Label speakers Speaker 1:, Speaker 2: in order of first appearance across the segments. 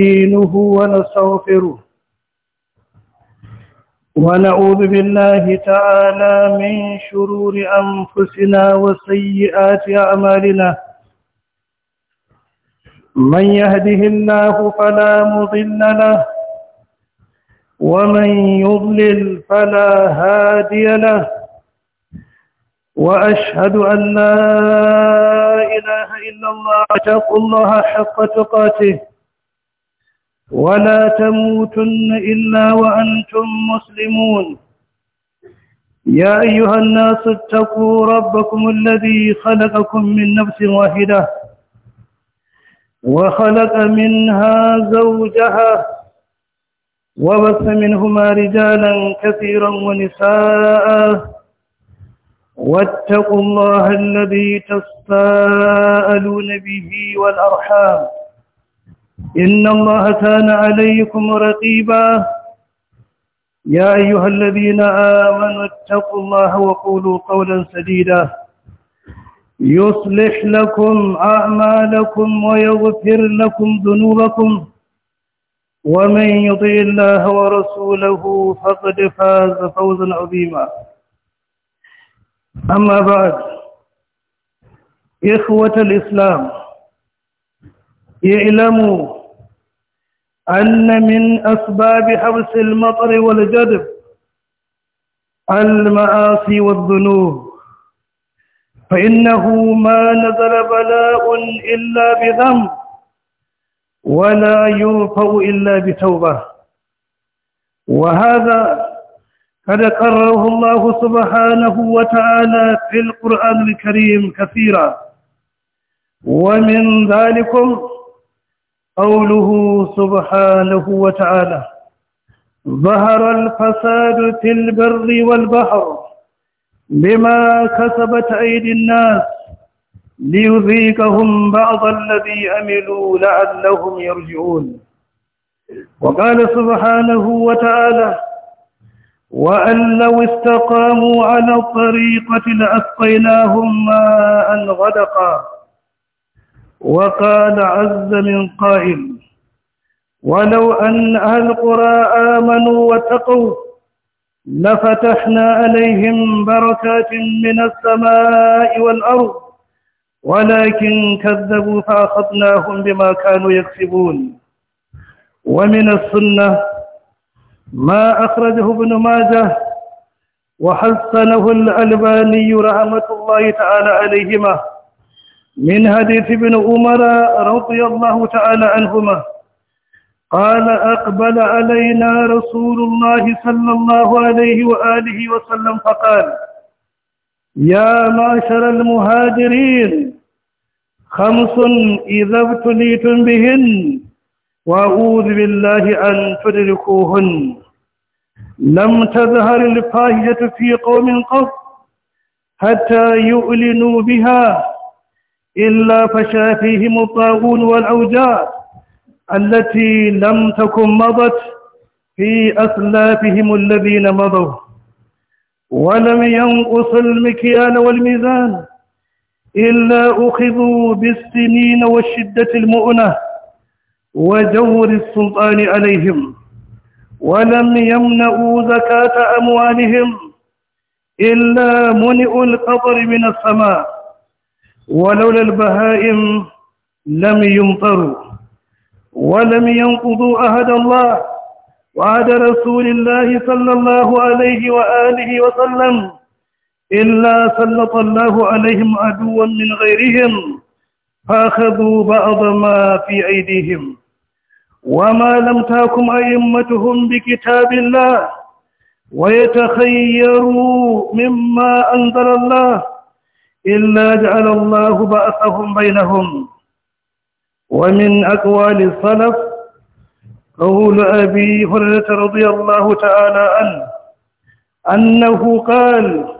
Speaker 1: نستعينه ونستغفره ونعوذ بالله تعالى من شرور أنفسنا وسيئات أعمالنا من يهده الله فلا مضل له ومن يضلل فلا هادي له وأشهد أن لا إله إلا الله اتقوا الله حق تقاته ولا تموتن إلا وأنتم مسلمون يا أيها الناس اتقوا ربكم الذي خلقكم من نفس واحدة وخلق منها زوجها وبث منهما رجالا كثيرا ونساء واتقوا الله الذي تستاءلون به والأرحام إن الله كان عليكم رقيبا يا أيها الذين آمنوا اتقوا الله وقولوا قولا سديدا يصلح لكم أعمالكم ويغفر لكم ذنوبكم ومن يطع الله ورسوله فقد فاز فوزا عظيما أما بعد إخوة الإسلام اعلموا أن من أسباب حبس المطر والجدب المعاصي والذنوب فإنه ما نزل بلاء إلا بذنب ولا يوفوا إلا بتوبة وهذا قد قرره الله سبحانه وتعالى في القرآن الكريم كثيرا ومن ذلكم قوله سبحانه وتعالى ظهر الفساد في البر والبحر بما كسبت أيدي الناس ليذيقهم بعض الذي أملوا لعلهم يرجعون وقال سبحانه وتعالى وأن لو استقاموا على الطريقة لأسقيناهم ماء غدقا وقال عز من قائل ولو أن أهل القرى آمنوا واتقوا لفتحنا عليهم بركات من السماء والأرض ولكن كذبوا فأخذناهم بما كانوا يكسبون ومن السنة ما أخرجه ابن ماجه وحسنه الألباني رحمة الله تعالى عليهما من حديث ابن عمر رضي الله تعالى عنهما قال أقبل علينا رسول الله صلى الله عليه وآله وسلم فقال يا معشر المهاجرين خمس إذا ابتليتم بهن وأعوذ بالله أن تدركوهن لم تظهر الفاحشة في قوم قط حتى يؤلنوا بها إلا فشا فيهم الطاغون والأوجاع التي لم تكن مضت في أسلافهم الذين مضوا ولم ينقص المكيال والميزان إلا أخذوا بالسنين والشدة المؤنة وجور السلطان عليهم ولم يمنعوا زكاة أموالهم إلا منئ القطر من السماء ولولا البهائم لم يمطروا ولم ينقضوا أهد الله وعهد رسول الله صلى الله عليه وآله وسلم إلا سلط الله عليهم عدوا من غيرهم فأخذوا بعض ما في أيديهم وما لم تاكم أئمتهم بكتاب الله ويتخيروا مما أنزل الله إلا جعل الله بأسهم بينهم ومن أقوال السلف قول أبي هريرة رضي الله تعالى عنه أنه قال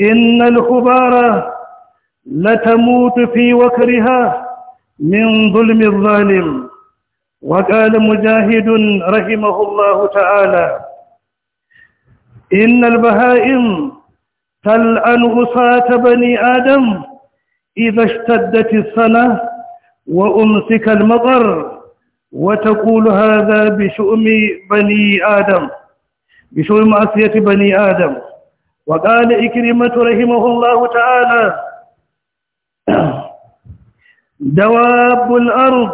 Speaker 1: إن الخبارة لتموت في وكرها من ظلم الظالم وقال مجاهد رحمه الله تعالى إن البهائم تلعن غصاة بني آدم إذا اشتدت السنة وأمسك المطر وتقول هذا بشؤم بني آدم بشؤم معصية بني آدم وقال إكرمة رحمه الله تعالى دواب الأرض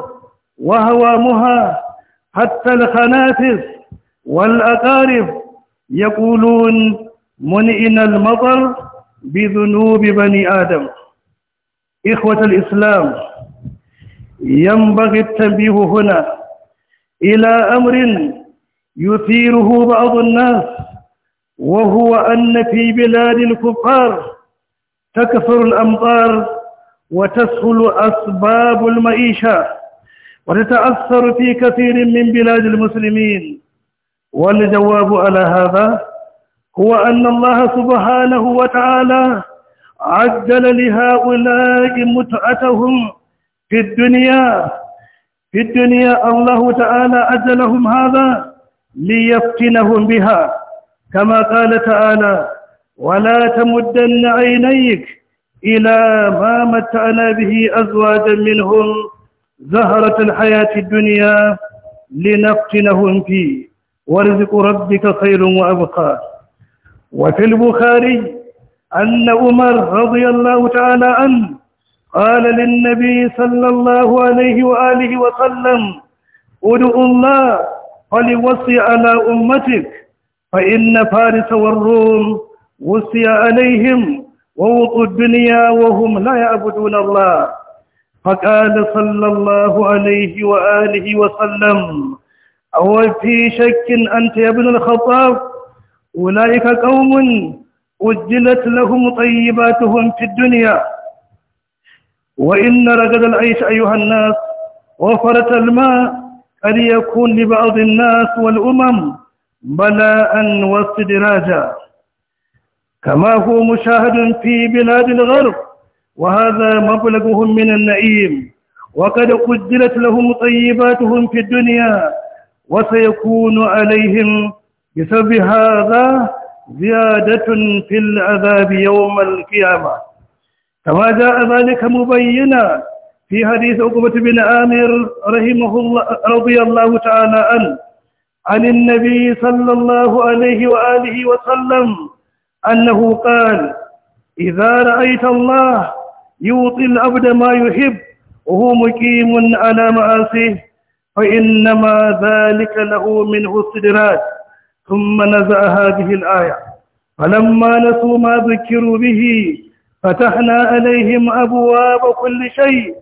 Speaker 1: وهوامها حتى الخنافس والأقارب يقولون منعنا المطر بذنوب بني آدم إخوة الإسلام ينبغي التنبيه هنا إلى أمر يثيره بعض الناس وهو أن في بلاد الكفار تكثر الأمطار وتسهل أسباب المعيشة وتتأثر في كثير من بلاد المسلمين والجواب على هذا هو أن الله سبحانه وتعالى عجل لهؤلاء متعتهم في الدنيا في الدنيا الله تعالى أجلهم هذا ليفتنهم بها كما قال تعالى ولا تمدن عينيك إلى ما متعنا به أزواجا منهم زهرة الحياة الدنيا لنفتنهم فيه ورزق ربك خير وأبقى وفي البخاري أن عمر رضي الله تعالى عنه قال للنبي صلى الله عليه وآله وسلم ادعوا الله فلوصي على أمتك فإن فارس والروم وصي عليهم ووطوا الدنيا وهم لا يعبدون الله فقال صلى الله عليه وآله وسلم أو في شك أنت يا ابن الخطاب أولئك قوم أجلت لهم طيباتهم في الدنيا وإن رجل العيش أيها الناس وفرت الماء أن يكون لبعض الناس والأمم بلاء واستدراجا كما هو مشاهد في بلاد الغرب وهذا مبلغهم من النعيم وقد قدرت لهم طيباتهم في الدنيا وسيكون عليهم بسبب هذا زيادة في العذاب يوم القيامة كما جاء ذلك مبينا في حديث عقبة بن عامر رحمه الله رضي الله تعالى عنه عن النبي صلى الله عليه وآله وسلم أنه قال إذا رأيت الله يعطي العبد ما يحب وهو مقيم على معاصيه فإنما ذلك له منه الصدرات ثم نزع هذه الآية فلما نسوا ما ذكروا به فتحنا عليهم أبواب كل شيء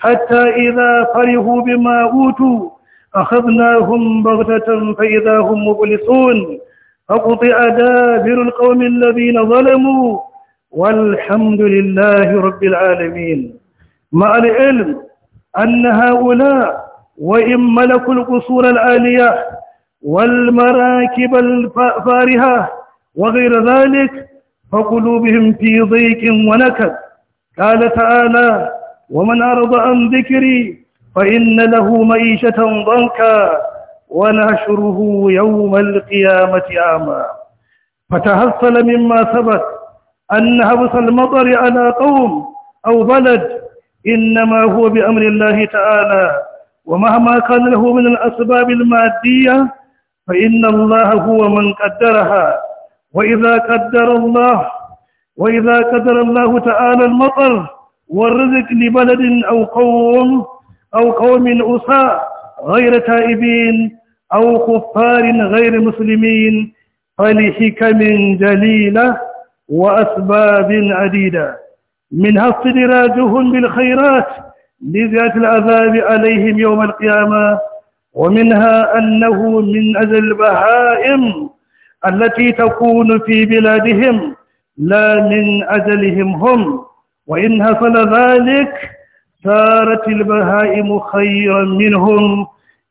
Speaker 1: حتى إذا فرهوا بما أوتوا أخذناهم بغتة فإذا هم مبلسون فقطع دابر القوم الذين ظلموا والحمد لله رب العالمين مع العلم أن هؤلاء وإن ملكوا القصور العالية والمراكب الفارهة وغير ذلك فقلوبهم في ضيق ونكد قال تعالى ومن أرض عن ذكري فإن له معيشة ضنكا ونحشره يوم القيامة أعمى فتحصل مما ثبت أن هبس المطر على قوم أو بلد إنما هو بأمر الله تعالى ومهما كان له من الأسباب المادية فإن الله هو من قدرها وإذا قدر الله وإذا قدر الله تعالى المطر والرزق لبلد أو قوم أو قوم أساء غير تائبين أو كفار غير مسلمين فلحكم جليلة وأسباب عديدة منها استدراجهم بالخيرات لزيادة العذاب عليهم يوم القيامة ومنها أنه من أذل البهائم التي تكون في بلادهم لا من أجلهم هم وإن حصل ذلك صارت البهائم خيرا منهم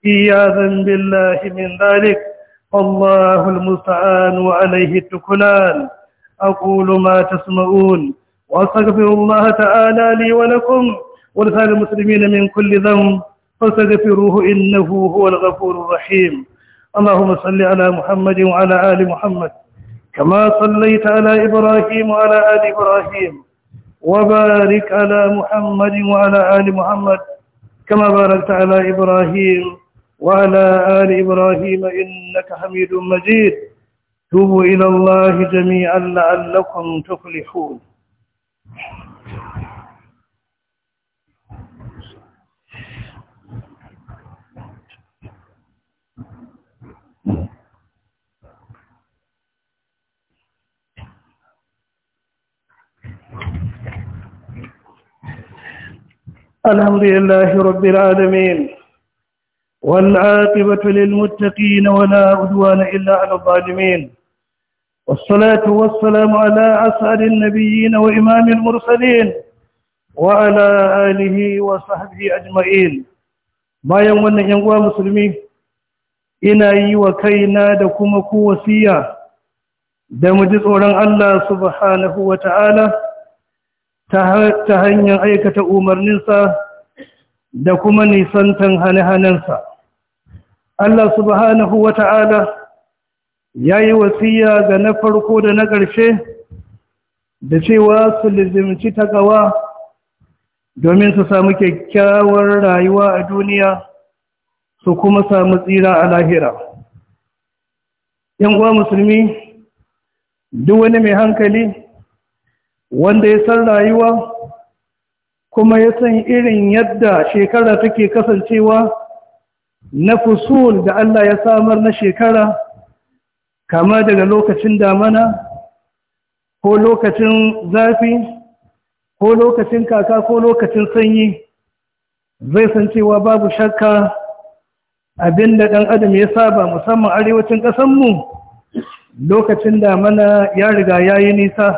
Speaker 1: إياذا بالله من ذلك الله المستعان وعليه التكلان أقول ما تسمعون وأستغفر الله تعالى لي ولكم ولسائر المسلمين من كل ذنب فاستغفروه إنه هو الغفور الرحيم اللهم صل على محمد وعلى آل محمد كما صليت على إبراهيم وعلى آل إبراهيم وبارك على محمد وعلى آل محمد كما باركت على إبراهيم وعلى آل إبراهيم إنك حميد مجيد توبوا إلى الله جميعا لعلكم تفلحون الحمد لله رب العالمين والعاقبة للمتقين ولا عدوان إلا على الظالمين والصلاة والسلام على أسعد النبيين وإمام المرسلين وعلى آله وصحبه أجمعين ما يومنا ينقوى مسلمين ina yi wa kaina da kuma ku wasiya da mu ji tsoron Allah subhanahu wa ta'ala ta hanyar aikata umarninsa da kuma nisantan hane-hanensa. Allah subhanahu wa ta'ala ya yi wasiya ga na farko da na ƙarshe da cewa su lizimci gawa domin su samu kyakkyawar rayuwa a duniya su kuma samu tsira a lahira. ‘Yan uwa musulmi, duk wani mai hankali’ wanda ya san rayuwa kuma ya san irin yadda shekara take kasancewa na fusul da Allah ya samar na shekara kama daga lokacin damana ko lokacin zafi ko lokacin kaka ko lokacin sanyi zai san cewa babu shakka abin da ɗan adam ya saba musamman arewacin ƙasanmu lokacin damana ya riga ya yi nisa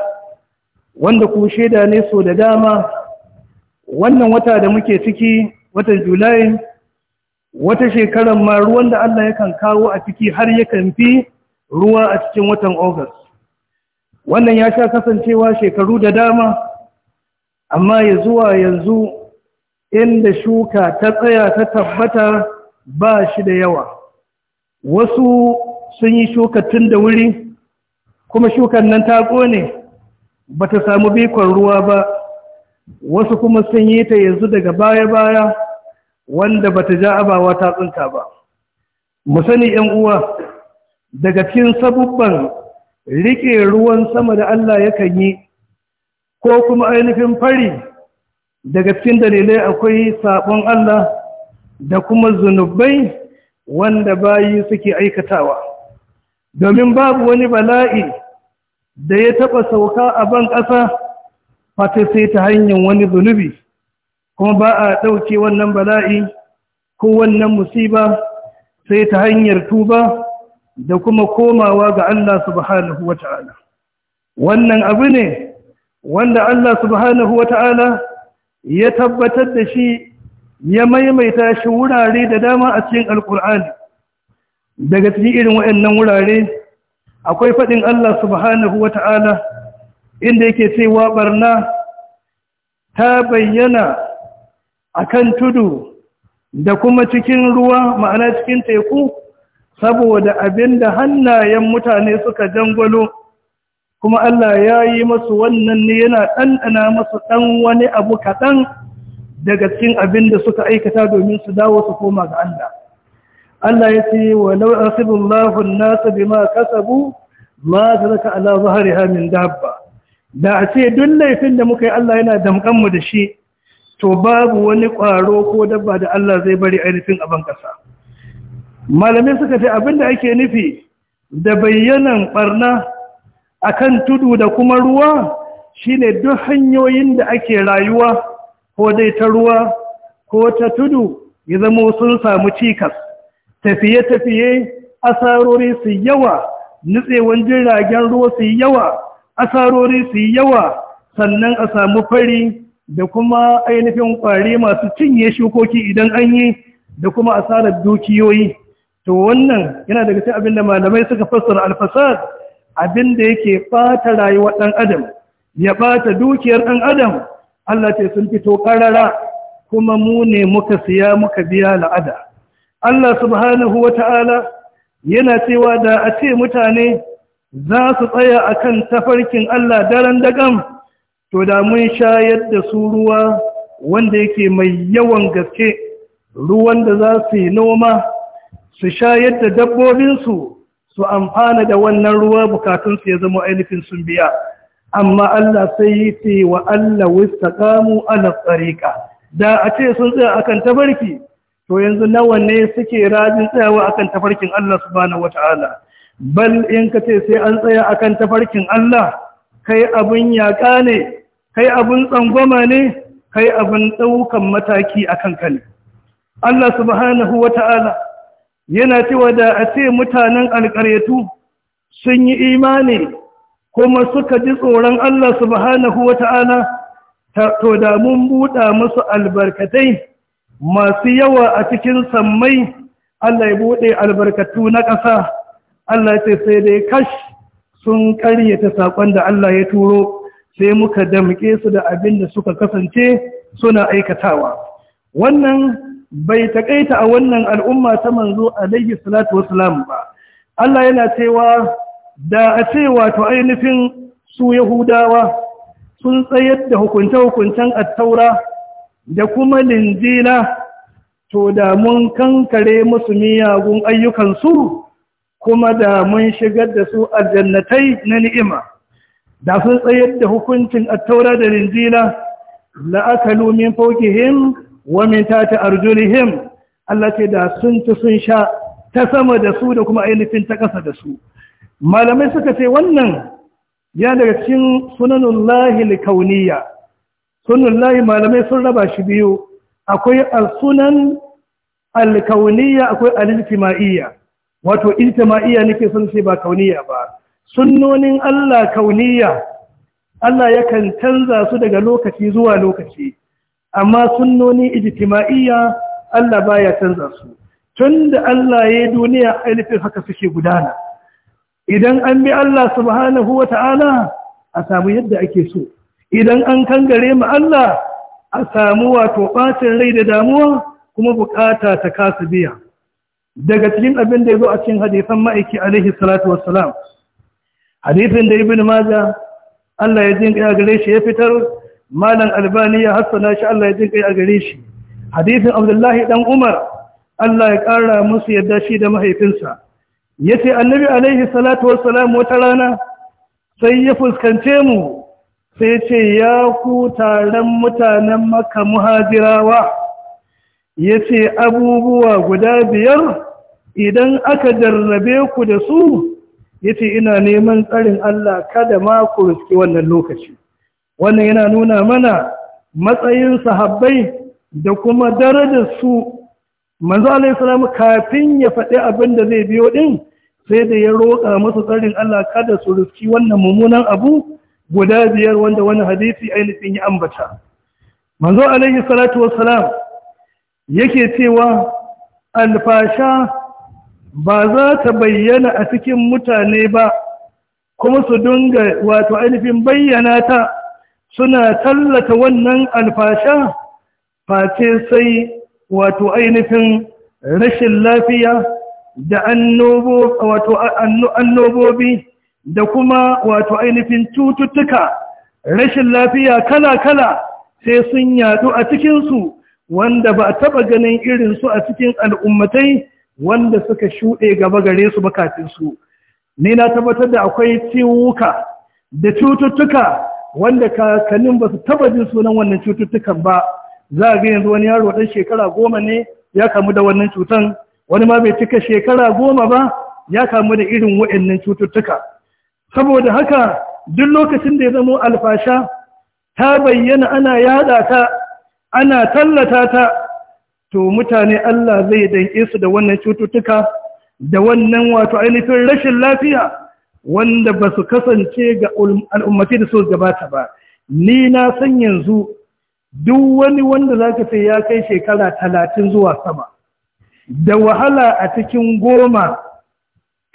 Speaker 1: wanda ku shaida ne so da dama wannan wata da muke ciki watan julai wata shekarar ma ruwan da Allah yakan kawo a ciki har yakan fi ruwa a cikin watan August. Wannan ya sha kasancewa shekaru da dama, amma ya zuwa yanzu inda shuka ta tsaya ta tabbata ba shi da yawa. Wasu sun yi shuka tun da wuri, kuma shukan nan ta ƙone, ba ta samu bikon ruwa ba wasu kuma sun yi ta yanzu daga baya-baya wanda ba ta ja abawa ta tsinka ba mu sani ‘yan uwa daga cikin sabubban riƙe ruwan sama da Allah yakan yi ko kuma ainihin fari daga cikin dalilai akwai sabon Allah da kuma zunubai wanda bayi suke aikatawa domin babu wani bala'i da ya taɓa sauka a ban ƙasa fata sai ta hanyar wani zunubi kuma ba a ɗauke wannan bala'i ko wannan musiba sai ta hanyar tuba da kuma komawa ga Allah subhanahu ta'ala wannan abu ne wanda Allah subhanahu ta'ala ya tabbatar da shi ya maimaita shi wurare da dama a cikin alkur'ani daga cikin irin waɗannan wurare akwai faɗin Allah subhanahu wa ta'ala inda yake cewa barna ta bayyana a kan tudu da kuma cikin ruwa ma'ana cikin teku saboda abin da hannayen mutane suka jangwalo kuma Allah ya yi masu wannan ne yana ɗanɗana masu ɗan wani abu kaɗan daga cikin abin da suka aikata domin su dawo su koma ga Allah. Allah ya ce wa law an-nasa bima kasabu ma taraka ala zahriha min dabba da a ce duk laifin da muka yi Allah yana damkan mu da shi to babu wani ƙwaro ko dabba da Allah zai bari ainihin abin ƙasa. Malamai suka ce abin da ake nufi da bayyanan ɓarna a kan tudu da kuma ruwa shi ne duk hanyoyin da ake rayuwa ko dai ta ruwa ko ta tudu ya zama sun samu cikas. tafiye-tafiye asarori su yawa nutsewan jiragen ruwa su yawa asarori su yawa sannan a samu fari da kuma ainihin kwari masu cinye shukoki idan an yi da kuma asarar dukiyoyi to wannan yana daga cikin abin da malamai suka fassara alfasad abin da yake bata rayuwar ɗan adam ya bata dukiyar ɗan adam Allah ce sun fito karara kuma mu ne muka siya muka biya la'ada Allah subhanahu wa ta'ala yana cewa da a ce mutane za su tsaya a kan tafarkin Allah daren dagam, to da mun shayar da su ruwa wanda yake mai yawan gaske, ruwan da za su yi noma, su shayar da dabbobinsu su amfana da wannan ruwa bukatunsu ya zama ainihin sun biya. Amma Allah sai yi wa Allah wista kamu ala tsarika, da a ce sun tsaya akan tafarki. to yanzu nawa ne suke rajin tsayawa akan tafarkin Allah subhanahu wata'ala bal in ka ce sai an tsaya akan tafarkin Allah kai abun yaƙa ne kai abun tsangwama ne kai abun ɗaukan mataki akan ka ne Allah subhanahu wata'ala yana cewa da a ce mutanen alƙaryatu sun yi imani kuma suka ji tsoron Allah subhanahu wata'ala to da mun buɗa musu albarkatai masu yawa a cikin sammai Allah ya buɗe albarkatu na ƙasa Allah ya ce sai dai kash sun ƙaryata saƙon da Allah ya turo sai muka damƙe su da abin da suka kasance suna aikatawa wannan bai taƙaita a wannan al'umma ta manzo a alaihi salatu wassalam ba Allah yana cewa da a ce wato ainihin su yahudawa sun tsayar da hukunce-hukuncen attaura da kuma linzina to da mun kankare musu miyagun ayyukansu kuma da mun shigar da su jannatai na ni'ima da sun tsayar da hukuncin attaura da linzila la'akalu min fawqihim wa min tahti arjulihim Allah ce da sun ci sun sha ta sama da su da kuma ainihin ta ƙasa da su malamai suka ce wannan ya daga cikin sunanullahi likauniya sunan layi malamai sun raba shi biyu akwai al-sunan al akwai al-ijtima'iyya wato ijtima'iyya nake son ce ba kauniya ba sunnonin Allah kauniyya Allah yakan canza su daga lokaci zuwa lokaci amma sunnoni ijtima'iyya Allah baya canza su tunda Allah ya yi duniya alifin haka suke gudana idan an bi Allah subhanahu wata'ala a samu yadda ake so idan an kangare mu Allah a samu wato ɓacin rai da damuwa kuma bukata ta kasu biya daga cikin abin da ya zo a cikin hadisan ma'aiki alaihi salatu wassalam hadisin da ibn maja Allah ya jin kai gare shi ya fitar malam albani ya hassana shi Allah ya jin kai gare shi hadisin abdullahi dan umar Allah ya ƙara musu yadda shi da mahaifinsa yace annabi alaihi salatu wassalam wata rana sai ya fuskance mu sai ce ya ku taron mutanen maka muhajirawa ya ce abubuwa guda biyar idan aka jarrabe ku da su ya ce ina neman tsarin Allah kada ma ku riski wannan lokaci wannan yana nuna mana matsayin sahabbai da kuma darajar su manzo salamu kafin ya faɗi abin da zai biyo ɗin, sai da ya roƙa musu tsarin Allah kada su riski wannan mummunan abu guda biyar wanda wani hadisi ainihin ya ambata manzo Alayhi salatu wassalam yake cewa alfasha ba za ta bayyana a cikin mutane ba kuma su dunga wato ainihin bayyana ta suna tallata wannan alfasha face sai wato ainihin rashin lafiya da annobobi da kuma wato ainihin cututtuka rashin lafiya kala-kala sai sun yadu a cikinsu wanda ba a taɓa ganin irinsu a cikin al'ummatai wanda suka shuɗe gaba gare su bakatinsu ni na tabbatar da akwai ciwuka da cututtuka wanda kakannin ba su taɓa jin sunan wannan cututtukan ba za a ga yanzu wani yaro ɗan shekara goma ne ya kamu da wannan cutan wani ma bai cika shekara goma ba ya kamu da irin waɗannan cututtuka saboda haka duk lokacin da ya zama alfasha ta bayyana ana yada ta ana tallata ta to mutane Allah zai danke su da wannan cututtuka da wannan wato ainihin rashin lafiya wanda ba su kasance ga al'ummati da su gabata ba ni na san yanzu duk wani wanda zaka ka ya kai shekara talatin zuwa sama da wahala a cikin goma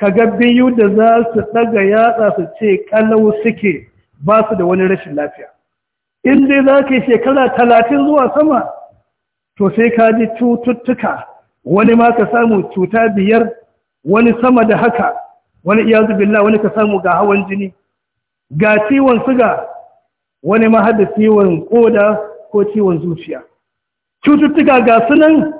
Speaker 1: ka ga biyu da za su daga yatsa su ce kalau suke ba su da wani rashin lafiya in dai za ka yi shekara talatin zuwa sama to sai ka ji cututtuka wani ma ka samu cuta biyar wani sama da haka wani iyazu billah wani ka samu ga hawan jini ga ciwon suga wani ma hada ciwon koda ko ciwon zuciya cututtuka ga sunan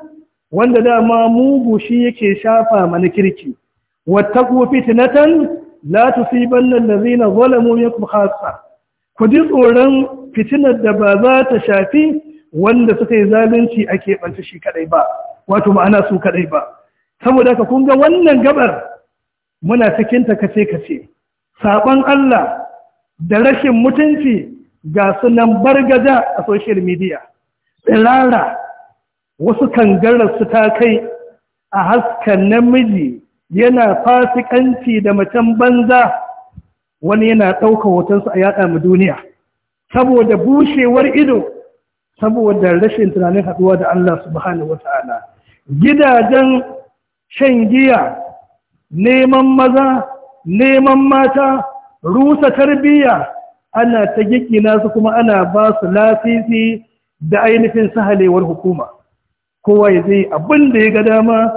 Speaker 1: wanda dama mugu shi yake shafa mana kirki wattaqu fitnatan la tusibanna allazina zalamu minkum khassa ku ji tsoron fitinar da ba za ta shafi wanda suka yi zalunci a keɓanta shi kadai ba wato ma'ana su kadai ba saboda ka kun ga wannan gabar muna cikin ta kace kace saban Allah da rashin mutunci ga sunan bargaja a social media tsirara wasu kangarar su ta kai a haska namiji yana fasikanci da macen banza wani yana ɗauka hotonsa a yaɗa mu duniya saboda bushewar ido saboda rashin tunanin haɗuwa da Allah subhanahu wa ta'ala gidajen shan giya neman maza neman mata rusa tarbiyya ana ta gikina nasu kuma ana ba su lafifi da ainihin sahalewar hukuma kowa ya zai abin ya ga dama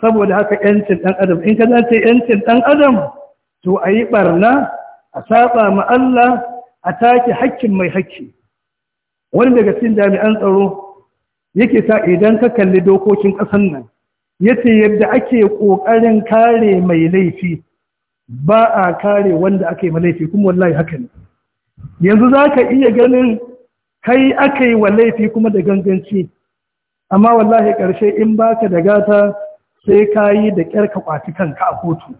Speaker 1: saboda haka yancin ɗan adam in ka za ce yancin ɗan adam to a yi ɓarna a saba ma Allah a take hakkin mai hakki wani daga cikin jami'an tsaro yake sa idan ka kalli dokokin ƙasan nan yace yadda ake ƙoƙarin kare mai laifi ba a kare wanda aka yi laifi kuma wallahi haka ne yanzu za ka iya ganin kai aka yi wa laifi kuma da ganganci amma wallahi ƙarshe in baka da gata sai ka yi da ƙyarka ka kanka a kotu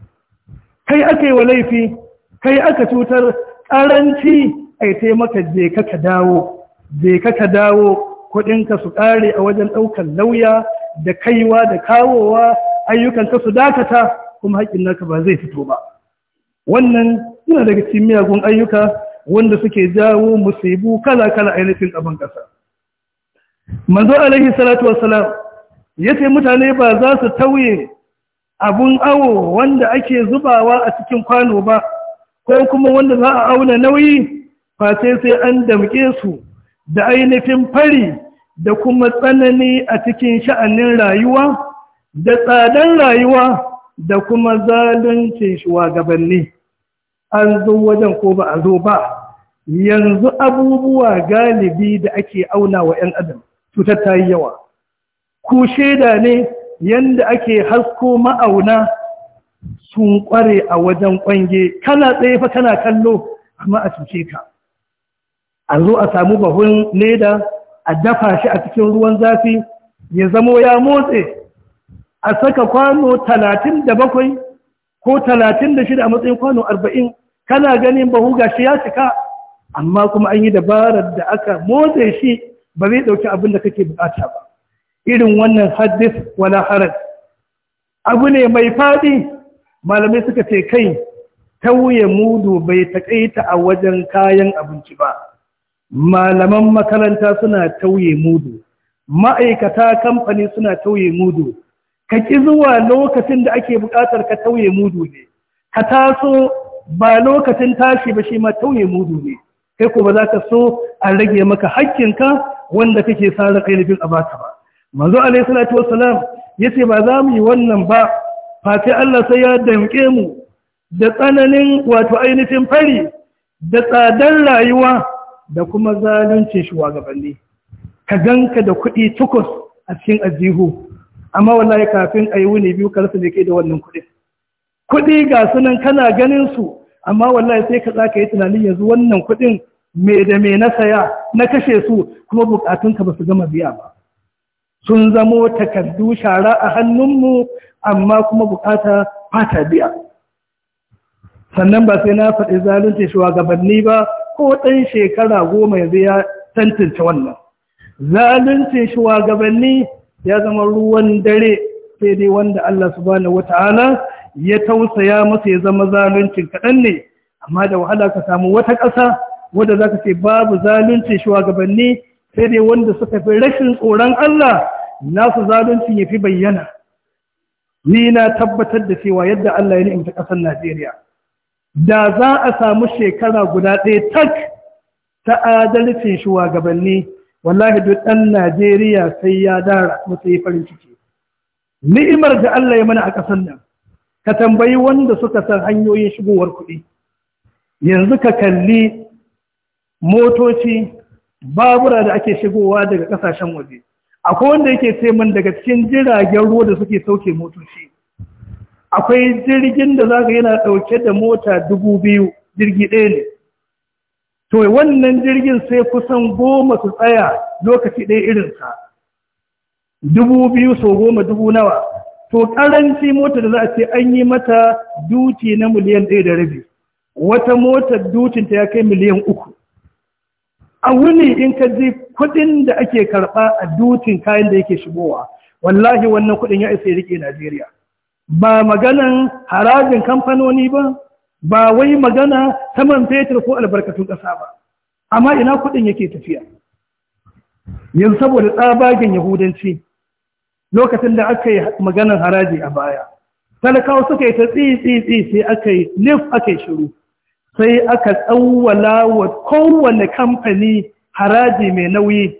Speaker 1: kai aka yi wa laifi kai aka cutar ƙaranci a sai maka je ka dawo je ka dawo kuɗinka su ƙare a wajen ɗaukar lauya da kaiwa da kawowa ayyukanka su dakata kuma haƙƙin naka ba zai fito ba wannan yana daga cikin miyagun ayyuka wanda suke jawo musibu kala-kala ainihin abin ƙasa manzo alaihi salatu wassalam Ya ce mutane ba za su tauye abun awo wanda ake zubawa a cikin kwano ba ko kuma wanda za a auna nauyi ba sai sai an damke su da ainihin fari da kuma tsanani a cikin sha'anin rayuwa da tsadan rayuwa da kuma zalunci shugabanni an zo wajen ko ba a zo ba yanzu abubuwa galibi da ake auna wa 'yan adam cutar ta yi yawa ku shaida ne yanda ake hasko ma'auna sun kware a wajen kwange kana tsaye fa kana kallo amma a cuce ka a zo a samu bahun leda a dafa shi a cikin ruwan zafi ya zamo ya motse a saka kwano talatin da bakwai ko talatin a matsayin kwano arba'in kana ganin bahu gashi ya cika amma kuma an yi dabarar da aka motse shi ba zai ɗauki abin da kake bukata ba irin wannan haddis wala haraj abu ne mai faɗi malamai suka ce kai tauye mudu bai taƙaita a wajen kayan abinci ba malaman makaranta suna tauye mudu ma'aikata kamfani suna tauye mudu ka ƙi zuwa lokacin da ake buƙatar ka tauye mudu ne ka taso ba lokacin tashi ba shi ma tauye mudu ne kai ko ba za ka so a rage maka haƙƙinka wanda kake sa ran ainihin a baka ba manzo alaihi wasallam yace ba za mu yi wannan ba sai Allah sai ya danke mu da tsananin wato ainihin fari da tsadan rayuwa da kuma zalunci shugabanni ka ganka da kuɗi tukus a cikin ajihu amma wallahi kafin ayi wuni biyu ka rasa ke da wannan kuɗi kuɗi ga sunan kana ganin su amma wallahi sai ka tsaka yi tunanin yanzu wannan kuɗin me da me na saya na kashe su kuma bukatunka ba su gama biya ba sun zamo takardu shara a hannunmu amma kuma bukata fata biya sannan ba sai na faɗi zalunci shugabanni ba ko ɗan shekara goma yanzu ya tantance wannan zalunci shugabanni ya zama ruwan dare sai dai wanda Allah su subhanahu wata'ala ya tausaya masa ya zama zaluncin kaɗan ne amma da wahala ka samu wata ƙasa wadda za ka ce babu zaluncin shugabanni sai dai wanda suka fi rashin tsoron Allah nasu zalunci ya fi bayyana ni na tabbatar da cewa yadda Allah ya ta ƙasar Najeriya da za a samu shekara guda ɗaya tak ta adalcin shugabanni wallahi duk ɗan Najeriya sai ya dara kuma yi farin ciki ni'imar da Allah ya mana a ƙasar nan ka tambayi wanda suka san hanyoyin shigowar kuɗi yanzu ka kalli motoci babura da ake shigowa daga ƙasashen waje akwai wanda yake sai min daga cikin jiragen ruwa da suke sauke motoci akwai jirgin da zaka yana dauke da mota dubu biyu jirgi ɗaya ne to wannan jirgin sai kusan goma su tsaya lokaci ɗaya irinsa dubu biyu sau goma dubu nawa to ƙaranci mota da za a ce an yi mata duti na miliyan ɗaya da rabi wata motar dutinta ya kai miliyan uku a wuni in ka ji kuɗin da ake karɓa a dutin kayan da yake shigowa wallahi wannan kuɗin ya isa ya rike Najeriya ba maganan harajin kamfanoni ba ba wai magana saman fetur ko albarkatun ƙasa ba amma ina kuɗin yake tafiya yanzu saboda tsabagen yahudanci lokacin da aka yi maganan haraji a baya talakawa suka yi ta tsitsi sai aka yi nif aka yi shiru sai aka tsawwala wa kowane kamfani haraji mai nauyi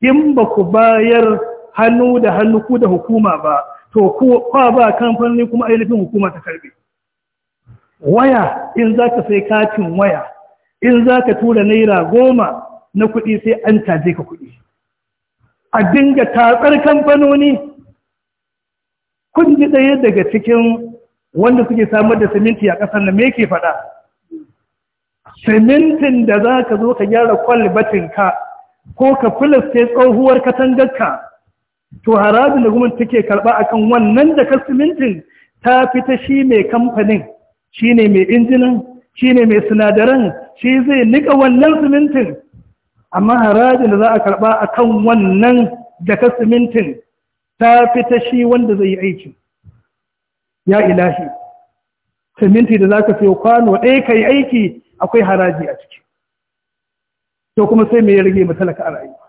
Speaker 1: in ba ku bayar hannu da hannu ku da hukuma ba to kwa ba kamfani kuma ainihin hukuma ta karbe waya in za ka sai katin waya in za ka tura naira goma na kuɗi sai an caje ka kuɗi a dinga tatsar kamfanoni kun ji ɗaya daga cikin wanda suke samar da siminti a ƙasar na me ke faɗa simintin da za ka zo ka gyara ka, ko ka filaste tsohuwar katangarka to harabin da gumin take karba kan wannan da ka simintin ta fita shi mai kamfanin shi ne mai injinin, shi ne mai sinadaran shi zai nika wannan simintin amma harajin da za a karba kan wannan da ka simintin ta fita shi wanda zai yi aiki ya ilahi siminti da za ka fiye kwano ɗaya ka yi aiki akwai haraji a ciki to kuma sai me ya rage mu talaka a rayuwa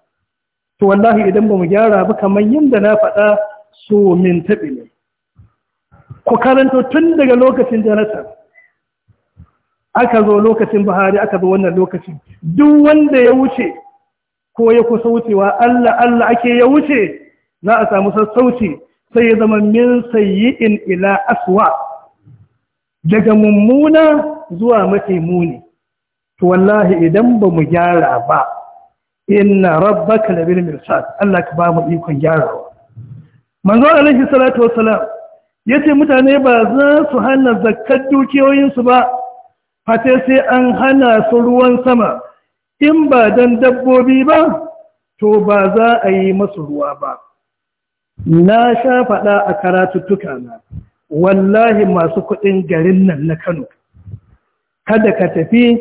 Speaker 1: to wallahi idan ba mu gyara ba kamar yadda na faɗa so min taɓi ne ku karanto tun daga lokacin janatar aka zo lokacin buhari aka zo wannan lokacin duk wanda ya wuce ko ya kusa wucewa allah allah ake ya wuce za a samu sassauci sai ya zama min in ila aswa daga mummuna zuwa mafi muni to wallahi idan ba mu gyara ba inna Rabba labil mirsad Allah ka ba mu ikon gyarawa manzo alaihi salatu Ya ce mutane ba za su hana zakkar dukiyoyinsu ba fate sai an hana su ruwan sama in ba don dabbobi ba to ba za a yi masu ruwa ba na sha faɗa a karatuttuka na wallahi masu kuɗin garin nan na Kano kada ka tafi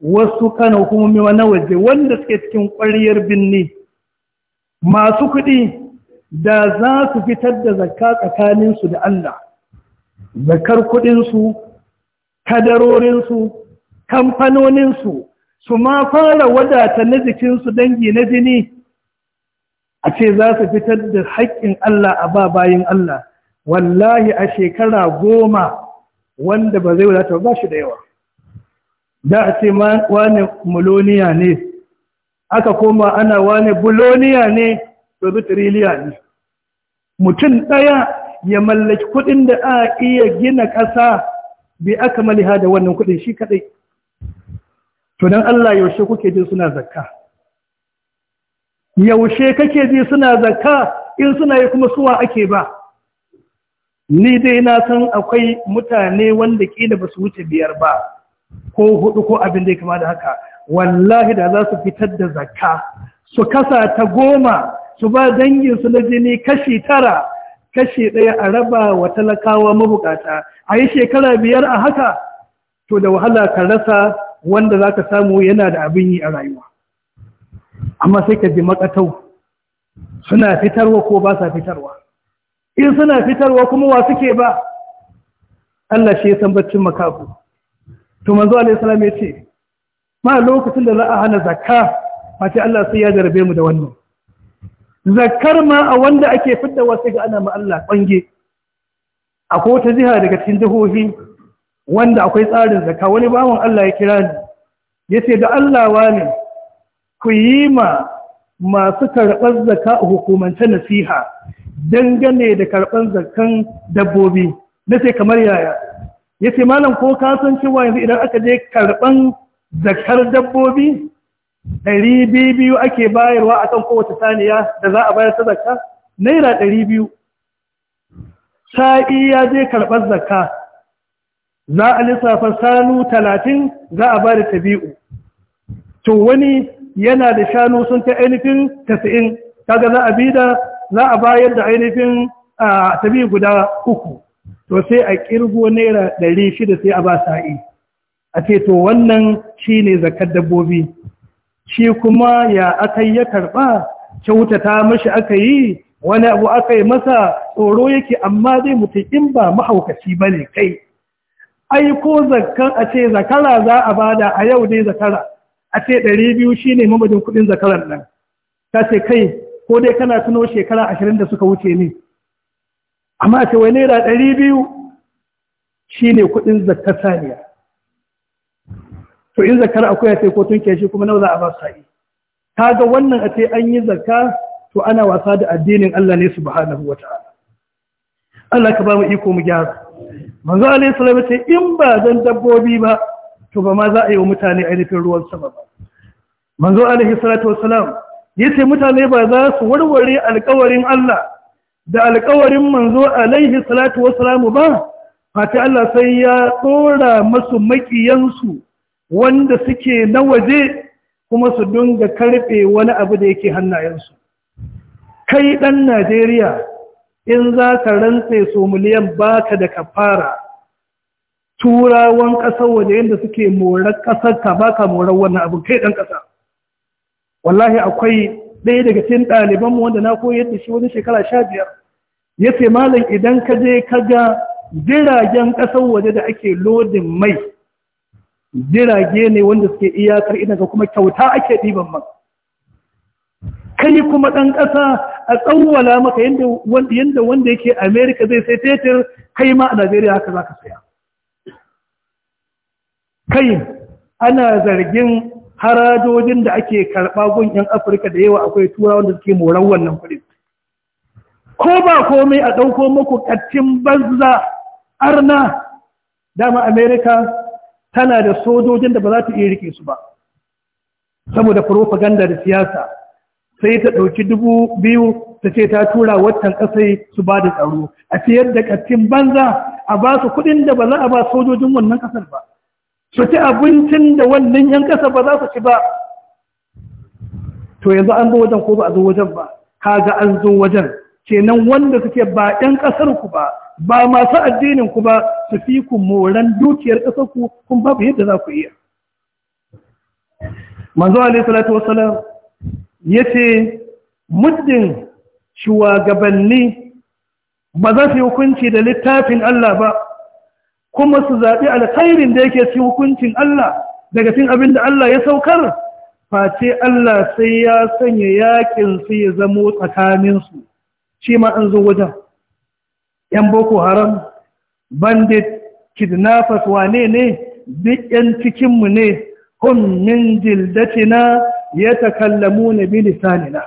Speaker 1: wasu kan hukumomi na waje wanda suke cikin ƙwariyar binni masu kuɗi da za su fitar da zakka tsakaninsu da Allah zakar kuɗinsu kadarorinsu kamfanoninsu su ma fara wadata na jikinsu dangi na jini a ce za su fitar da haƙƙin Allah a ba bayin Allah wallahi a shekara goma wanda ba zai wadata ba shi da yawa da a ce wane muloniya ne aka koma ana wane buloniya ne dozu tiriliya ne mutum ɗaya ya mallaki kuɗin da a iya gina ƙasa bai aka maliha da wannan kuɗin shi kaɗai tunan Allah yaushe kuke ji suna zakka yaushe kake ji suna zakka in suna yi kuma suwa ake ba ni dai na san akwai mutane wanda kila ba su wuce biyar ba ko hudu ko abin da ya kama da haka wallahi da za su fitar da zakka su kasa ta goma su ba dangin su na jini kashi tara kashi ɗaya a raba wa talakawa mabukata a yi shekara biyar a haka to da wahala ka rasa wanda za ka samu yana da abin yi a rayuwa amma sai ka ji makatau suna fitarwa ko ba sa fitarwa in suna fitarwa kuma wa suke ba Allah shi ya san baccin makafu to manzo alaihi salam ya ce ma lokacin da za a hana zakka mace Allah sai ya jarabe mu da wannan zakkar ma a wanda ake fidda wasu ga ana ma Allah kwange akwai wata jiha daga cikin jihohi wanda akwai tsarin zakka wani bawan Allah ya kira ni yace da Allah wani ku yi ma masu karɓar zakka a hukumance nasiha dangane da karɓar zakkan dabbobi Na sai kamar yaya ya ce malam ko san cewa yanzu idan aka je karɓan zakar dabbobi ɗari biyu ake bayarwa a kan kowace saniya da za a bayar ta zakka naira ɗari biyu sa'i ya je karɓar zakka za a lissafa shanu talatin za a ba da tabi'u to wani yana da shanu sun ta ainihin tasi'in kaga za a bi da za a bayar da ainihin ah, tabi guda uku to sai a kirgo naira ɗari shida sai a ba sa'i a ce to wannan shi ne zakar dabbobi shi kuma ya aka yi ya karɓa kyautata mashi aka yi wani abu aka yi masa tsoro yake amma zai mutu in ba mahaukaci ba ne kai ai ko zakar a ce zakara za a bada a yau dai zakara a ce ɗari biyu shi ne mamajin kuɗin zakarar nan ta ce kai ko dai kana tuno shekara ashirin da suka wuce ne amma ce wa naira ɗari biyu shi ne kuɗin zakar saniya to in zakar akwai a ko tunke shi kuma nawa za a ba sa'i ta ga wannan a ce an yi zakka to ana wasa da addinin Allah ne su subhanahu wa ta'ala Allah ka ba mu iko mu gyara manzo alayhi salatu ce in ba zan dabbobi ba to ba ma za a yi wa mutane ainihin ruwan sama ba manzo alayhi salatu wassalam ce mutane ba za su warware alkawarin Allah da alkawarin manzo alaihi salatu wasalamu ba Fati Allah sai ya tsora masu makiyansu wanda suke na waje kuma su dinga karfe wani abu da yake hannayensu kai dan Najeriya in za ka rantse so miliyan baka da kafara turawan ƙasar waje yadda suke morar ƙasar ka baka morar wannan abu kai dan ƙasa wallahi akwai ɗaya daga cikin ɗalibanmu wanda na koyar da shi wani shekara sha biyar ya ce malam idan ka je ka ga jiragen ƙasar waje da ake lodin mai jirage ne wanda suke iyakar idan ga kuma kyauta ake ɗiban man kai kuma ɗan ƙasa a tsawwala maka yadda wanda yake amerika zai sai tetir kai ma a najeriya haka za ka saya kai ana zargin harajojin da ake karɓa gun 'yan afirka da yawa akwai turawan wanda suke moran wannan kuɗin. ko ba komai a ɗauko muku ƙaccin banza arna dama amerika tana da sojojin da ba za ta iya rike su ba saboda propaganda da siyasa sai ta ɗauki dubu biyu ta ce ta tura watan ƙasai su ba da tsaro a siyar da ƙattin banza a ba su kuɗin da ba za a ba sojojin wannan ƙasar ba su ci abincin da wannan yan ƙasa ba za su ci ba to yanzu an zo wajen ko ba a zo wajen ba Ka ga an zo wajen kenan wanda suke ba ɗan ƙasar ku ba ba masu addinin ku ba su fi ku moran dukiyar ƙasar ku kun babu yadda za ku iya manzo alaihi salatu wassalam yace muddin shugabanni ba za su yi hukunci da littafin Allah ba kuma su zaɓi alkhairin da yake cikin hukuncin Allah daga cikin abin da Allah ya saukar face Allah sai ya sanya yakin su ya zamo tsakaninsu shi ma an zo wajen ‘yan boko haram bandit kidnappers wane ne duk ‘yan cikinmu ne hun min jildatina ya takallamu na bilisanina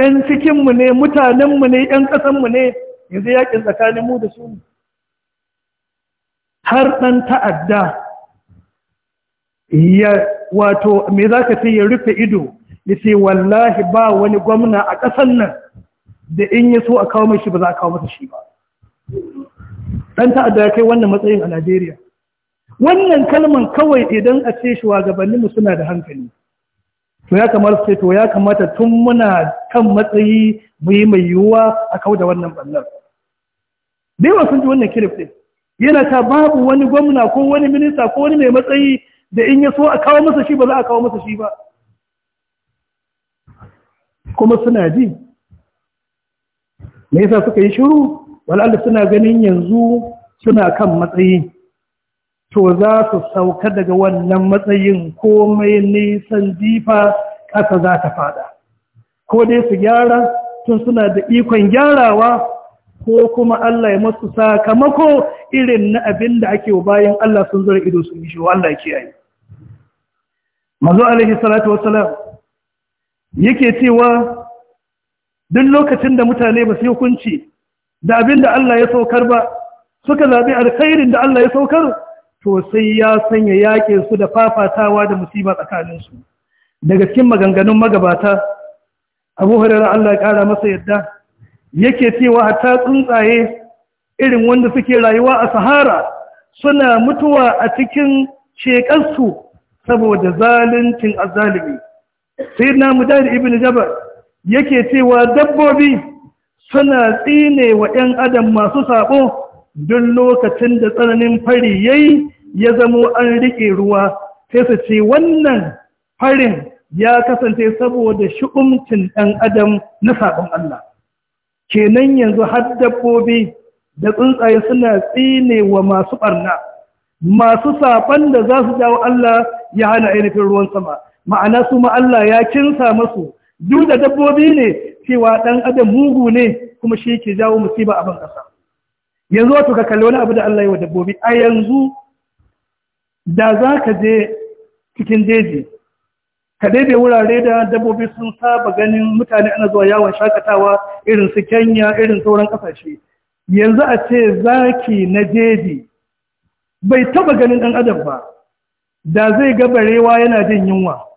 Speaker 1: ‘yan cikinmu ne mutanenmu ne ‘yan ƙasanmu ne yanzu yakin tsakanin mu da su har ɗan ta'adda ya wato me za ka ce ya rufe ido ya wallahi ba wani gwamna a ƙasan nan da in ya so a kawo mai shi ba za a kawo masa shi ba dan ta'adda ya kai wannan matsayin a Najeriya wannan kalman kawai idan a ce shugabannin mu suna da hankali to ya kamata sai to ya kamata tun muna kan matsayi mu yi mai yiwuwa a kawo da wannan ballar da wa sun ji wannan clip din yana ta babu wani gwamna ko wani minista ko wani mai matsayi da in ya so a kawo masa shi ba za a kawo masa shi ba kuma suna ji me yasa suka yi shiru walalla suna ganin yanzu suna kan matsayi to za su sauka daga wannan matsayin komai nisan jifa ƙasa za ta fada ko dai su gyara tun suna da ikon gyarawa ko kuma Allah ya masu sakamako irin na abin da ake bayan Allah sun zura ido sun shi Allah ya kiyaye manzo alaihi salatu wassalam yake cewa duk lokacin da mutane ba su hukunci da abin da Allah ya saukar ba suka zaɓi alkhairin da Allah ya saukar to sai ya sanya yaƙin su da fafatawa da musiba tsakaninsu. daga cikin maganganun magabata Abu Hurairah Allah ya kara masa yadda yake cewa hatta tsuntsaye irin wanda suke rayuwa a Sahara suna mutuwa a cikin shekarsu saboda zaluncin azalimi sai na mujahid ibn jabal yake cewa dabbobi suna tsine wa ‘yan adam masu sabo don lokacin da tsananin fari yayi ya zamo an riƙe ruwa sai su ce wannan farin ya kasance saboda shi'umcin ɗan adam na sabon Allah kenan yanzu har dabbobi da tsuntsaye suna tsine wa masu ɓarna masu saɓon da za su jawo Allah ya hana ainihin ruwan sama ma'ana su ma Allah ya kinsa masu duk da dabbobi ne cewa ɗan adam mugu ne kuma shi ke jawo musiba a ban ƙasa yanzu wato ka kalli wani abu da Allah yi wa dabbobi a yanzu da za ka je cikin jeji ka daidai wurare da dabbobi sun saba ganin mutane ana zuwa yawon shakatawa irin su kenya irin sauran ƙasashe yanzu a ce zaki na jeji bai taba ganin ɗan adam ba da zai ga barewa yana jin yunwa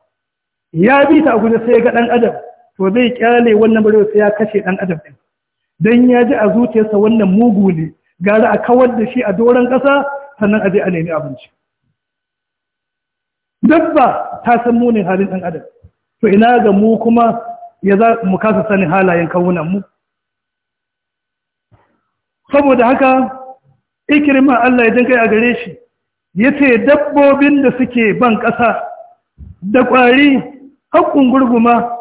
Speaker 1: ya bi ta a guje sai ya ga ɗan adam to zai kyale wannan bari sai ya kashe ɗan adam ɗin don ya ji a zuciyarsa wannan mugu ne gara a kawar da shi a doron ƙasa sannan a je a nemi abinci dabba ta san munin halin ɗan adam to ina ga mu kuma ya za mu kasa sanin halayen kawunan mu saboda haka ikirma Allah ya dinka a gare shi ya ce dabbobin da suke ban ƙasa da ƙwari haƙƙun gurguma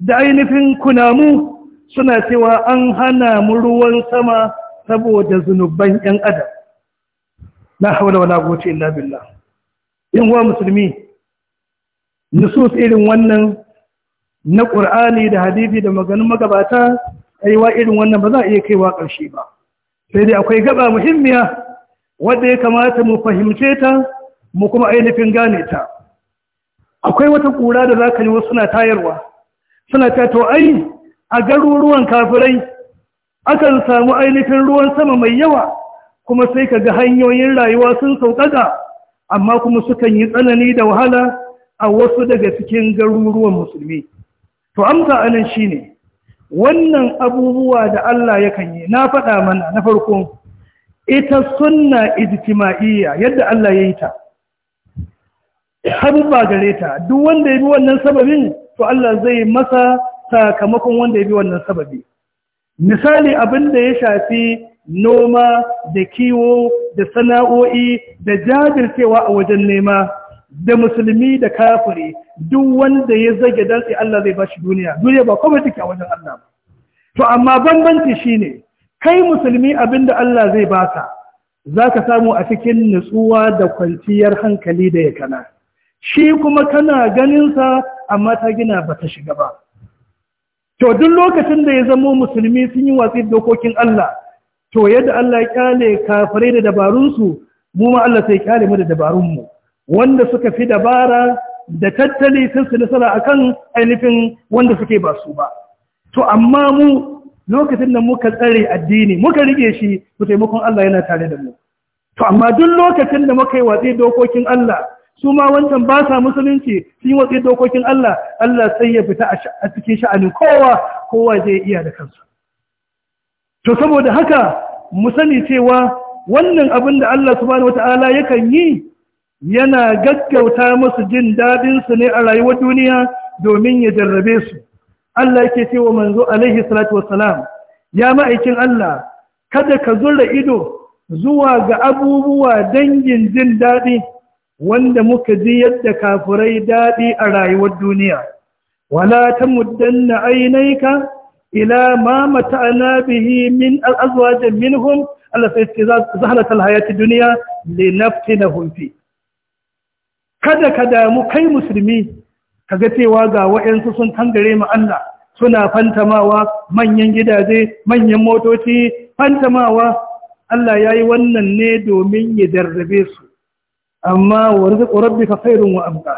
Speaker 1: da ainihin kunamu suna cewa an hana mu ruwan sama saboda zunuban 'yan adam na haula wa lagoci illa billah in wa musulmi nusus irin wannan na ƙur'ani da hadithi da maganin magabata aiwa irin wannan ba za a iya kaiwa ƙarshe ba sai dai akwai gaba muhimmiya wanda ya kamata mu fahimce ta mu kuma ainihin gane ta akwai wata kura da zaka yi wasu suna tayarwa suna ta to ai a garuruwan kafirai akan samu ainihin ruwan sama mai yawa kuma sai ka ga hanyoyin rayuwa sun sauƙaƙa amma kuma sukan yi tsanani da wahala a wasu daga cikin garuruwan musulmi to amsa anan shine wannan abubuwa da Allah yakan yi na faɗa mana na farko ita sunna ijtima'iyya yadda Allah ya yi ta ba gare ta duk wanda ya bi wannan sababin to Allah zai masa sakamakon wanda ya bi wannan sababi misali abin da ya shafi noma da kiwo da sana'o'i da jajircewa a wajen nema da musulmi da kafiri duk wanda ya zage dantse Allah zai bashi duniya duniya ba kuma take a wajen Allah to amma bambanci shine kai musulmi abin da Allah zai baka zaka samu a cikin nutsuwa da kwanciyar hankali da yakana shi kuma kana ganinsa amma ta gina ba ta shiga ba to duk lokacin da ya zama musulmi sun yi watsi dokokin Allah to yadda Allah ya kyale kafirai da dabarunsu mu ma Allah sai kyale mu da dabarunmu wanda suka fi dabara da tattali sun su nasara akan ainihin wanda suke ba su ba to amma mu lokacin da muka tsare addini muka rike shi to taimakon Allah yana tare da mu to amma duk lokacin da muka yi watsi dokokin Allah su ma wancan ba sa musulunci sun yi watsi dokokin Allah Allah sai ya fita a cikin sha'anin kowa kowa zai iya da kansa to saboda haka mu sani cewa wannan abin da Allah subhanahu wata'ala yakan yi yana gaggauta masu jin daɗinsu ne a rayuwar duniya domin ya jarrabe su Allah yake cewa manzo alaihi salatu wassalam ya ma'aikin Allah kada ka zura ido zuwa ga abubuwa dangin jin daɗi wanda muka ji yadda kafurai daɗi a rayuwar duniya wala ta muddanna ainaika ila ma mata'ana bihi min al'azwajin minhum Allah sai ce zahalatal hayati duniya na fi kada ka damu kai musulmi ka ga cewa ga wayansu sun tangare mu Allah suna fantamawa manyan gidaje manyan motoci fantamawa Allah ya yi wannan ne domin ya darrabe su amma wa rizqu rabbika khairun wa abqa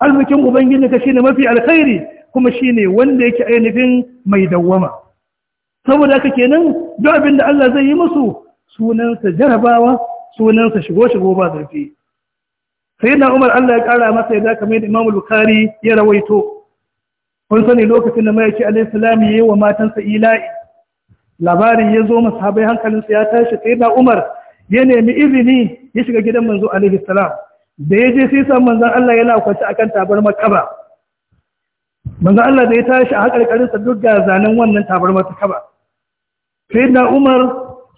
Speaker 1: alzikin ubangiji ka shine mafi alkhairi kuma shine wanda yake ainihin mai dawwama saboda haka kenan duk abin da Allah zai yi musu sunansa jarabawa sunansa shigo shigo ba zarfi sayyidina Umar Allah ya kara masa yadda kamar Imam Bukhari ya rawaito kun sani lokacin da mai alayhi salam yayi wa matansa ila'i labarin ya zo masahabai hankalinsa ya tashi sayyidina Umar ya nemi izini ya shiga gidan manzo alaihi salam da ya je sai san manzon Allah yana kwance akan tabar kaba manzon Allah da tashi a hakarkarin sa duk ga zanen wannan ta kaba sai na Umar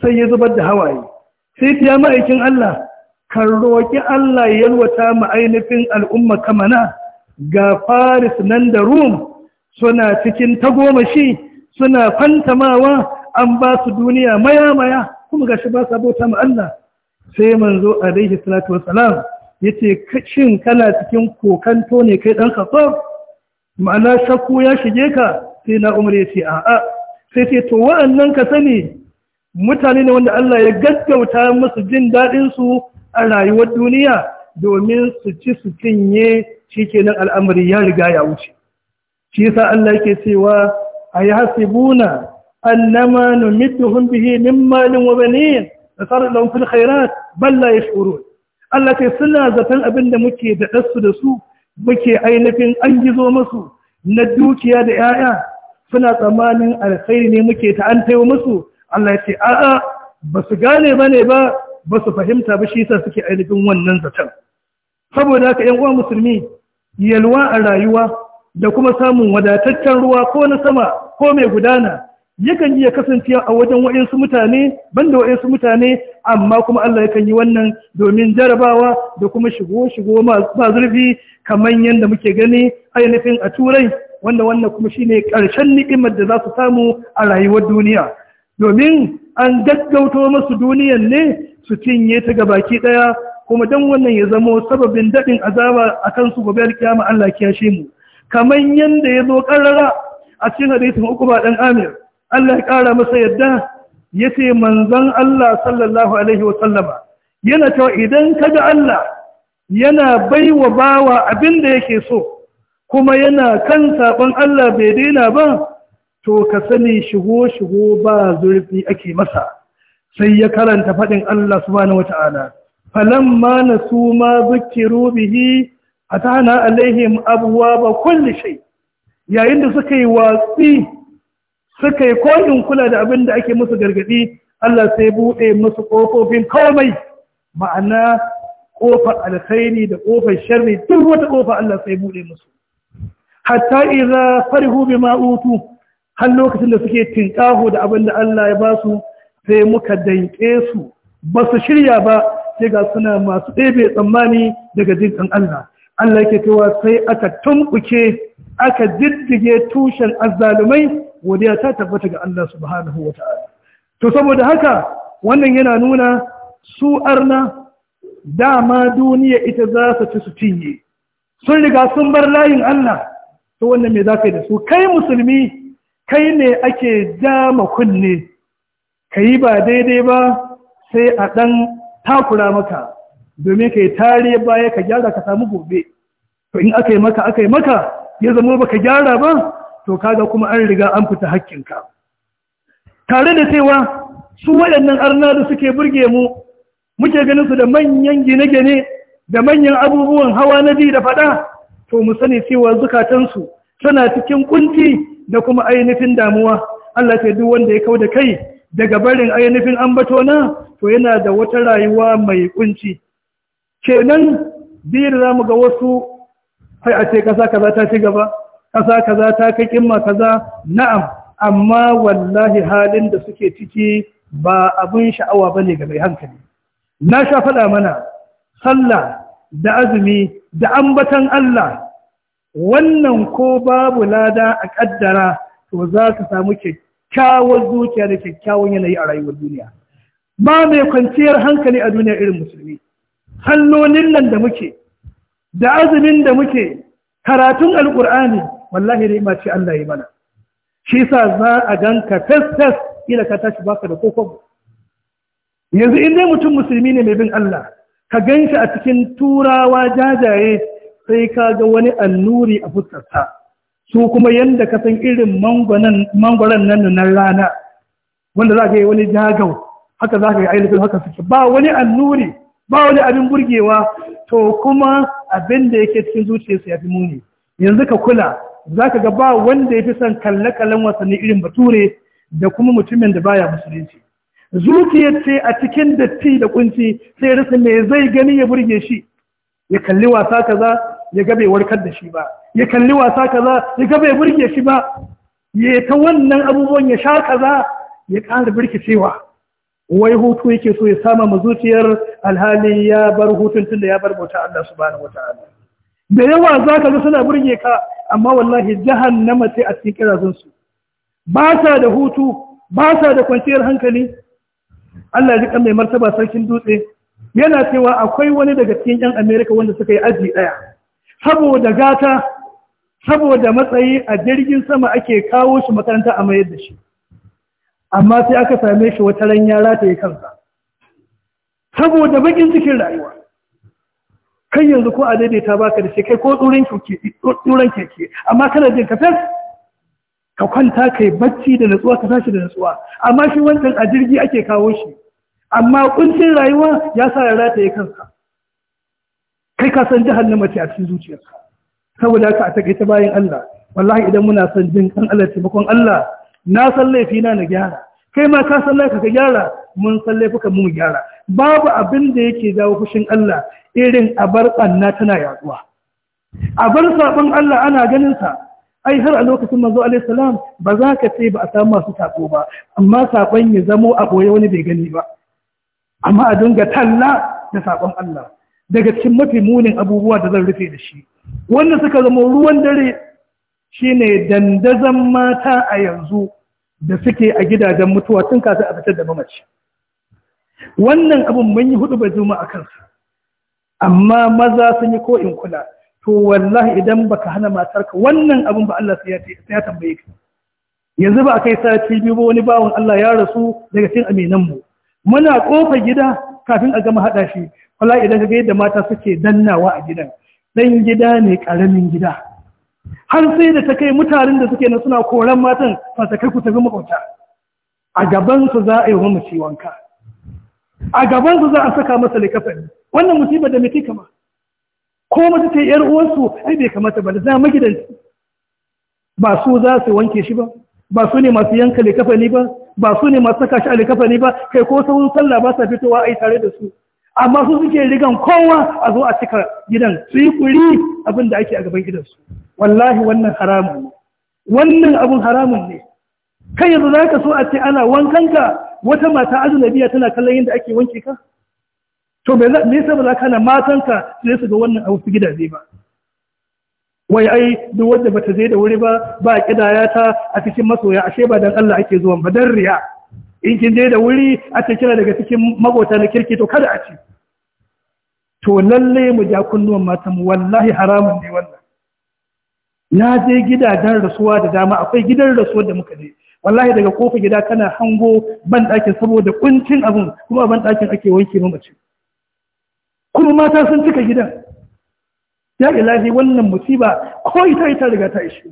Speaker 1: sai ya zubar da hawaye sai ya ma'aikin Allah kan roki Allah ya yalwata mu ainihin al'umma kamana ga Faris nan da Rum suna cikin tagomashi suna fantamawa an ba su duniya maya maya kuma ga shi ba sa bauta ma Allah sai manzo alaihi salatu wassalam yace shin kana cikin kokanto ne kai dan kaso? ma'ana shakku ya shige ka sai na umar yace a'a sai ce to wa'annan ka sani mutane ne wanda Allah ya gaggauta musu jin dadin su a rayuwar duniya domin su ci su cinye shikenan al'amari ya riga ya wuce shi yasa Allah yake cewa yi hasibuna أنما نمدهم به من مال وبنين نصار لهم في الخيرات بل لا يشعرون التي صلى زتن أبن مكي دعس دسو مكي عينفين أنجزو مسو ندوك يا دعايا suna tsammanin alkhairi ne muke ta an taiwa musu Allah ya ce a'a ba su gane ba ne ba ba su fahimta ba shi sa suke ainihin wannan zaton saboda haka yan uwa musulmi yalwa a rayuwa da kuma samun wadataccen ruwa ko na sama ko mai gudana yakan iya kasancewa a wajen wa'insu mutane banda wa'insu mutane amma kuma Allah yakan yi wannan domin jarabawa da kuma shigo-shigo ma zurfi kamar yadda muke gani ainihin a turai wanda wannan kuma shine ƙarshen ni'imar da za su samu a rayuwar duniya domin an gaggauto masu duniyan ne su cinye ta ga baki ɗaya kuma don wannan ya zamo sababin daɗin azaba a kansu gobe alkiyama Allah kiyashe mu kamar yadda ya zo ƙarara a cikin hadisin uku ba ɗan amir Allah ya ƙara masa yadda ya ce manzan Allah sallallahu Alaihi wasallama yana cewa idan ka ga Allah yana bai wa bawa abin da yake so kuma yana kan saɓon Allah bai daina ba to ka sani shigo-shigo ba zurfi ake masa sai ya karanta faɗin Allah subhanahu wata'ala mana su ma a ta hana alaihim abuwa ba kulli shai. yayin da suka yi watsi suka yi koyin kula da abin da ake musu gargadi Allah sai buɗe musu ƙofofin komai ma'ana ƙofar alkhairi da ƙofar sharri duk wata ƙofa Allah sai buɗe musu hatta idza farihu bima utu har lokacin da suke tinkaho da abin da Allah ya ba su sai muka danƙe su ba su shirya ba sai ga suna masu ɗebe tsammani daga jinkan Allah Allah yake cewa sai aka tumbuke aka jiddige tushen azzalumai godiya ta tabbata ga Allah subhanahu wa ta'ala to saboda haka wannan yana nuna su arna dama duniya ita za su ci su cinye sun riga sun bar layin Allah to wannan me za ka yi da su kai musulmi kai ne ake dama kunne ka yi ba daidai ba sai a ɗan takura maka domin ka yi tare baya ka gyara ka samu gobe to in aka yi maka aka yi maka ya zama ba ka gyara ba to kaga kuma an riga an fita haƙƙinka tare da cewa su waɗannan arna da suke burge mu muke ganin su da manyan gine-gine da manyan abubuwan hawa na ji da faɗa to mu sani cewa zukatansu tana cikin kunci da kuma ainihin damuwa Allah ta duk wanda ya kau da kai daga barin ainihin ambato na to yana da wata rayuwa mai kunci kenan biyar za mu ga wasu hai a ce kasa kaza ta ci gaba ƙasa kaza ta kai kimma kaza na'am amma wallahi halin da suke ciki ba abin sha'awa bane ga mai hankali na sha faɗa mana sallah da azumi da ambatan Allah wannan ko babu lada a ƙaddara to za ka samu kyakkyawar zuciya da kyakkyawan yanayi a rayuwar duniya ba mai kwanciyar hankali a duniya irin musulmi hallonin nan da muke da azumin da muke karatun alkur'ani wallahi ma ce Allah ya mana shi sa za a ganka tas-tas ila ka tashi baka da kokon yanzu in dai mutum musulmi ne mai bin Allah ka ganshi a cikin turawa jajaye sai ka ga wani annuri a fuskarsa su kuma yanda ka san irin mangwaron nan na rana wanda za ka yi wani jagau haka za ka yi ainihin haka suke ba wani annuri ba wani abin burgewa to kuma abin da yake cikin zuciyarsa ya fi muni yanzu ka kula za ka ga wanda ya fi son kalle-kallen wasanni irin bature da kuma mutumin da baya musulunci zuciyar ce a cikin datti da kunci sai rasa me zai gani ya burge shi ya kalli wasa kaza ya gabe warkar da shi ba ya kalli wasa kaza ya gabe bai burge shi ba ya ta wannan abubuwan ya sha kaza ya ƙara birkicewa wai hutu yake so ya sama ma zuciyar alhali ya bar hutun tun da ya bar bauta Allah subhanahu wataala da yawa za ka ga suna burge ka amma wallahi jahannama sai a cikin kirazunsu ba sa da hutu ba sa da kwanciyar hankali Allah ya ji mai martaba sarkin dutse yana cewa akwai wani daga cikin yan Amerika wanda suka yi aji daya saboda gata saboda matsayi a jirgin sama ake kawo shi makaranta a mayar da shi amma sai aka same shi wata ran ya yi kansa saboda bakin cikin rayuwa Kan yanzu ko a daidaita baka da shi ko tsuran keke amma kana jin kafin ka kwanta ka yi bacci da natsuwa ka tashi da natsuwa amma shi wancan a jirgi ake kawo shi amma kuncin rayuwa ya sa ya rataye kansa kai ka san na mace a cikin zuciyarka saboda haka a taƙaita bayan Allah wallahi idan muna son jin kan Allah taimakon Allah na san laifi na na gyara kai ma ka san laifi ka gyara mun san laifukan mu gyara babu abin da yake jawo fushin Allah irin abar ɓanna tana yaduwa abar saɓon Allah ana ganin sa, ai har a lokacin mazo alisalam ba za ka ce ba a samu masu sako ba amma saƙon ya zamo a ɓoye wani bai gani ba amma a dinga talla da saƙon Allah daga cikin mafi munin abubuwa da zan rufe da shi wanda suka zama ruwan dare shine dandazan mata a yanzu da suke a gidajen mutuwa tun kasa a fitar da mamaci wannan abun mun yi hudu ba juma'a kansa amma maza sun yi ko in kula to wallahi idan baka hana matarka wannan abin ba Allah sai ya tambaye ka yanzu ba kai sati biyu ba wani bawon Allah ya rasu daga cin aminan mu muna kofa gida kafin a gama haɗa shi kula idan ka yadda mata suke dannawa a gidan dan gida ne ƙaramin gida har sai da ta kai mutanen da suke nan suna koran matan ta kai ku tafi makwabta a gaban su za a yi wa mace wanka a gaban su za a saka masa likafani wannan musibar da mutu kama ko mutu ta yar uwarsu ai bai kamata ba da za magidanci ba su za su wanke shi ba ba su ne masu yanka likafani ba ba su ne masu saka shi a likafani ba kai ko sauran sallah ba sa fitowa ai tare da su amma su suke rigan kowa a zo a cika gidan su yi kuri abin da ake a gaban gidansu wallahi wannan haramun ne wannan abun haramun ne kai yanzu za ka so a ce ana wankanka wata mata biya tana kallon yadda ake wanke ka to me yasa ba za ka na matanka su su ga wannan a wasu gidaje ba wai ai duk wanda bata zai da wuri ba ba kidaya ta a cikin masoya ashe ba dan Allah ake zuwan ba dan riya in kin je da wuri a ce kira daga cikin magota na kirki to kada a ci to lalle mu ja kunnuwan matan wallahi haramun ne wannan na je gidajen rasuwa da dama akwai gidan rasuwa da muka je wallahi daga kofa gida kana hango ban saboda kuncin abin, kuma ban ake wanke mace kuma mata sun cika gidan ya ilahi wannan musiba ko ita ita riga ta ishi.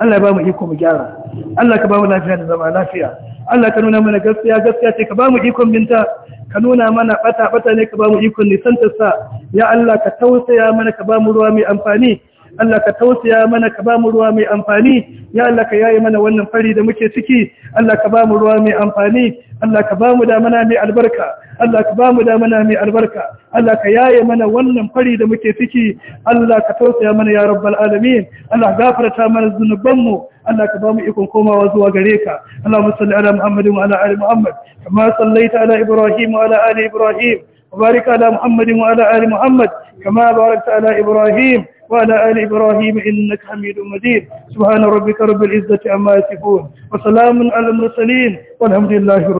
Speaker 1: Allah ya ba mu iko mu gyara Allah ka ba mu lafiya da zama lafiya Allah ka nuna mana gaskiya gaskiya ce ka ba mu ikon binta ka nuna mana bata bata ne ka ba mu ikon sa ya Allah ka tausaya mana ka ba mu ruwa mai amfani Allah ka tausaya mana ka ba mu ruwa mai amfani ya Allah ka yayi mana wannan fari da muke ciki Allah ka ba mu ruwa mai amfani Allah ka ba mu damana mai albarka Allah ka ba mu damana mai albarka Allah ka yaye mana wannan fari da muke ciki Allah ka tausaya mana ya rabbal alamin Allah gafarta mana zunubanmu Allah ka ba mu ikon komawa zuwa gare ka Allahumma salli ala Muhammadin wa ala ali Muhammad kama sallaita ala Ibrahim wa ala ali Ibrahim وبارك على محمد وعلى آل محمد كما باركت على إبراهيم وعلى آل إبراهيم إنك حميد مجيد سبحان ربك رب العزة عما يصفون وسلام على المرسلين والحمد لله رب